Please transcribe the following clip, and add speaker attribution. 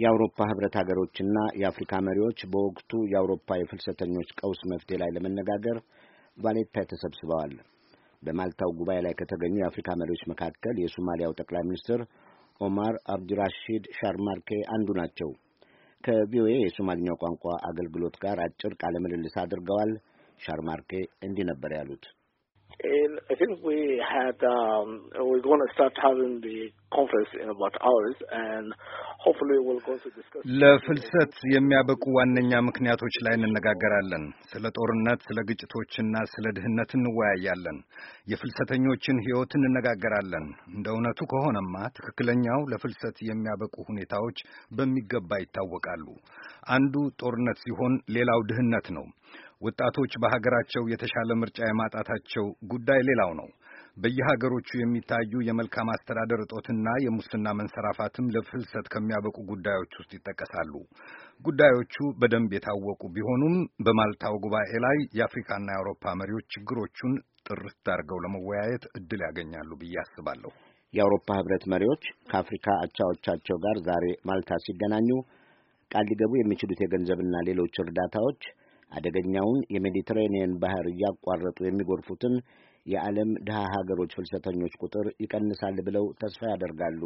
Speaker 1: የአውሮፓ ህብረት ሀገሮችና የአፍሪካ መሪዎች በወቅቱ የአውሮፓ የፍልሰተኞች ቀውስ መፍትሄ ላይ ለመነጋገር ቫሌታ ተሰብስበዋል። በማልታው ጉባኤ ላይ ከተገኙ የአፍሪካ መሪዎች መካከል የሶማሊያው ጠቅላይ ሚኒስትር ኦማር አብዱራሺድ ሻርማርኬ አንዱ ናቸው። ከቪኦኤ የሶማሊኛው ቋንቋ አገልግሎት ጋር አጭር ቃለ ምልልስ አድርገዋል። ሻርማርኬ እንዲህ ነበር ያሉት።
Speaker 2: And I think we had um, we're going to start having the
Speaker 3: ለፍልሰት የሚያበቁ ዋነኛ ምክንያቶች ላይ እንነጋገራለን። ስለ ጦርነት፣ ስለ ግጭቶችና ስለ ድህነት እንወያያለን። የፍልሰተኞችን ሕይወት እንነጋገራለን። እንደ እውነቱ ከሆነማ ትክክለኛው ለፍልሰት የሚያበቁ ሁኔታዎች በሚገባ ይታወቃሉ። አንዱ ጦርነት ሲሆን፣ ሌላው ድህነት ነው። ወጣቶች በሀገራቸው የተሻለ ምርጫ የማጣታቸው ጉዳይ ሌላው ነው። በየሀገሮቹ የሚታዩ የመልካም አስተዳደር እጦትና የሙስና መንሰራፋትም ለፍልሰት ከሚያበቁ ጉዳዮች ውስጥ ይጠቀሳሉ። ጉዳዮቹ በደንብ የታወቁ ቢሆኑም በማልታው ጉባኤ ላይ የአፍሪካና የአውሮፓ መሪዎች ችግሮቹን ጥርት ዳርገው ለመወያየት እድል ያገኛሉ ብዬ አስባለሁ።
Speaker 1: የአውሮፓ ህብረት መሪዎች ከአፍሪካ አቻዎቻቸው ጋር ዛሬ ማልታ ሲገናኙ ቃል ሊገቡ የሚችሉት የገንዘብና ሌሎች እርዳታዎች አደገኛውን የሜዲትሬኒየን ባህር እያቋረጡ የሚጎርፉትን የዓለም ድሃ ሀገሮች ፍልሰተኞች ቁጥር ይቀንሳል ብለው ተስፋ ያደርጋሉ።